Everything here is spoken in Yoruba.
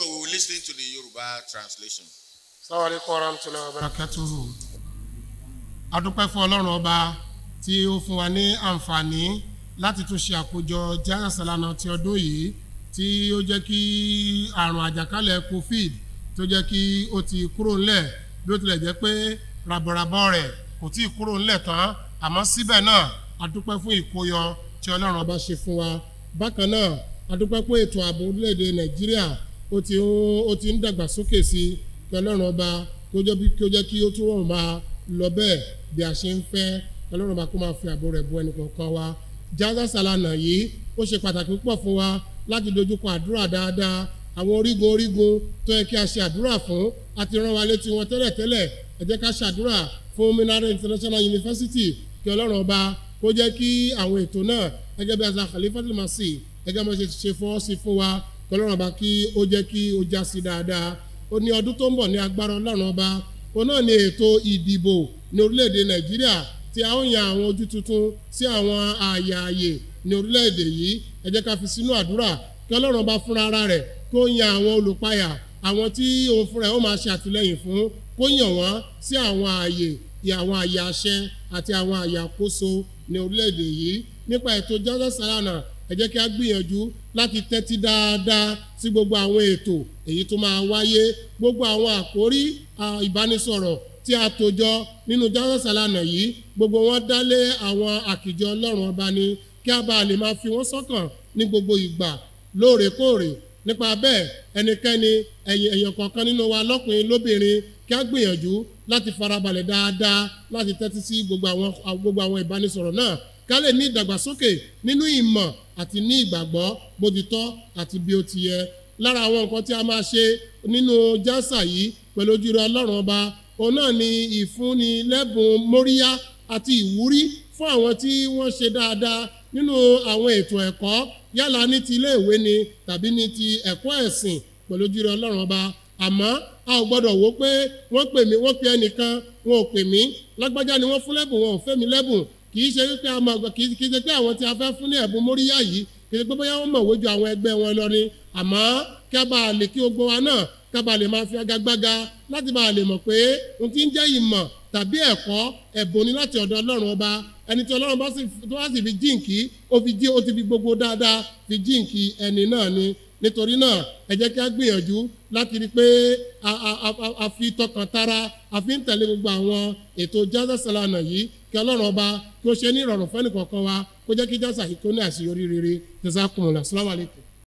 So we will listen to the Yoruba translation. Assalamu alaikum warahmatullahi wabarakatuh. A dúpẹ́ fún Ọlọ́run ọba tí ó fún wa ní àǹfààní láti tún ṣe àkójọ Jamiu ti ọdún yìí tí ó jẹ́ kí àrùn àjàkálẹ̀ COVID tó jẹ́ kí ó ti kúrò ńlẹ̀ bí ó tilẹ̀ jẹ́ pé ràbọ̀ràbọ̀ rẹ̀ kò tí ì kúrò ńlẹ̀ tán àmọ́ síbẹ̀ náà a dúpẹ́ fún ìkóyọ tí Ọlọ́run ọba ṣe fún wa bákan náà a dúpẹ́ pé ètò ààbò orílẹ̀-èdè Nàìjíríà ó ti ń ó ti ń dàgbà sókè sí i kí ọlọ́run ọba kí ó jẹ́ kí ó jẹ́ kí ó tún rọrùn máa lọ bẹ́ẹ̀ bí a ṣe ń fẹ́ ọlọ́run ọba kó máa fi ààbò rẹ̀ bo ẹnìkọ̀ọ̀kan wa jáza sàlànà yìí ó ṣe pàtàkì púpọ̀ fún wa láti dojúkọ àdúrà dáadáa àwọn orígun orígun tó yẹ kí a ṣe àdúrà fún àti rán wa létí wọn tẹ́lẹ̀tẹ́lẹ̀ ẹ jẹ́ ká ṣàdúrà fún minare international university kí ọlọ́run ọba kó jẹ́ kí àwọn ètò náà gẹ́gẹ́ bí azakalifatulmasi gẹ́gẹ́ bí wọ́n ṣe ṣe fọwọ́ sí fún wa kọlọ́run ọba kí ó jẹ́ kí ó já sí dáadáa ó ní ọdún tó ń bọ̀ ní agbára ọlọ́run ọba òun náà ni ètò ìdìbò ní orílẹ̀-èdè nàìjíríà tí a ó yan àwọn ojú tuntun sí àwọn ààyè ààyè ní orílẹ̀-èdè yìí ẹ jẹ́ ká fi sínú àdúrà kí ọlọ́run ọba fúnra ara rẹ̀ kó yan àwọn olùpayà àwọn tí òun fúnra ẹ̀ ó máa ṣe àtìlẹ́yìn fún kó yàn wọ́n sí àwọn ààyè àwọn ààyè àṣẹ àti àwọn ààyè àkóso ní orílẹ̀-èdè yìí nípa ètò jọ́jọ́ sàrànà ẹ jẹ́ kí a gbìyànjú láti tẹ́tí dáadáa sí gbogbo àwọn ètò èyí tó máa wáyé gbogbo àwọn àkórí ìbánisọ̀rọ̀ tí a tò jọ nínú járọ̀sálànà yìí gbogbo wọn dálé àwọn àkìjọ ọlọ́run ọba ni kí a bá lè máa fi wọ́n sọ́kàn ní gbogbo ìgbà lóòrèkóòrè nípa bẹ́ẹ̀ ẹnikẹ́ni ẹ̀yàn kọ̀ọ̀kan nínú wa lọ́kùnrin lóbìnrin kí a gbìyànjú láti farabalẹ̀ dáadáa láti tẹ́tí sí gbogbo àwọn ìbánisọ̀rọ̀ náà ká lè ní ìdàgbàsókè nínú ìmọ̀ àti ní ìgbàgbọ́ bó ti tọ́ àti bí ó ti yẹ lára àwọn nǹkan tí a máa ṣe nínú jásà yìí pẹ̀lú ojúre ọlọ́run ọba òun náà ni ìfúnni lẹ́bùn móríyá àti ìwúrí fún àwọn tí wọ́n ṣe dáadáa nínú àwọn ètò ẹ̀kọ́ yálà ní ti ilé ni tàbí ní ti ẹ̀kọ́ ẹ̀sìn pẹ̀lú ojúre ọlọ́run ọba àmọ́ a ò gbọ́dọ̀ wò pé wọ́n pè mí wọ́n pe ẹnìkan wọn ò pè mí lágbájá ni wọ́n fún lẹ́bùn wọn ò fẹ́ mi lẹ́bùn kì í ṣe wípé a mọ̀ kì í ṣe pé àwọn tí a fẹ́ fún ní ẹ̀bùn móríyá yìí kì í ṣe pé bóyá wọ́n mọ̀wé ju àwọn ẹgbẹ́ wọn lọ ni àmọ́ kí a bá lè kí gbogbo wa náà kí a bá lè máa fi agagbága láti bá lè mọ̀ pé ohun tí ń jẹ́ ìmọ̀ tàbí ẹ̀kọ́ ẹ̀bùn ni láti ọ̀dọ̀ ọlọ́run ọba ẹni tí ọlọ́run bá sì fi jíǹkì ó fi jí ó ti fi gbogbo dáadáa fi jíǹkì ẹni náà ni nítorí náà ẹ jẹ́ kí a gbìyànjú láti rí i pé a fi tọkàntara a fi ń tẹ̀lé gbogbo àwọn ètò jazza salana yìí kí ọlọ́run ọba kó ṣe ní ìrọ̀rùn fẹ́nìkọ̀ọ̀kan wa kó jẹ́ kí jásà yìí kó ní àṣeyọrí rere jazakumullah assalamu alaikum.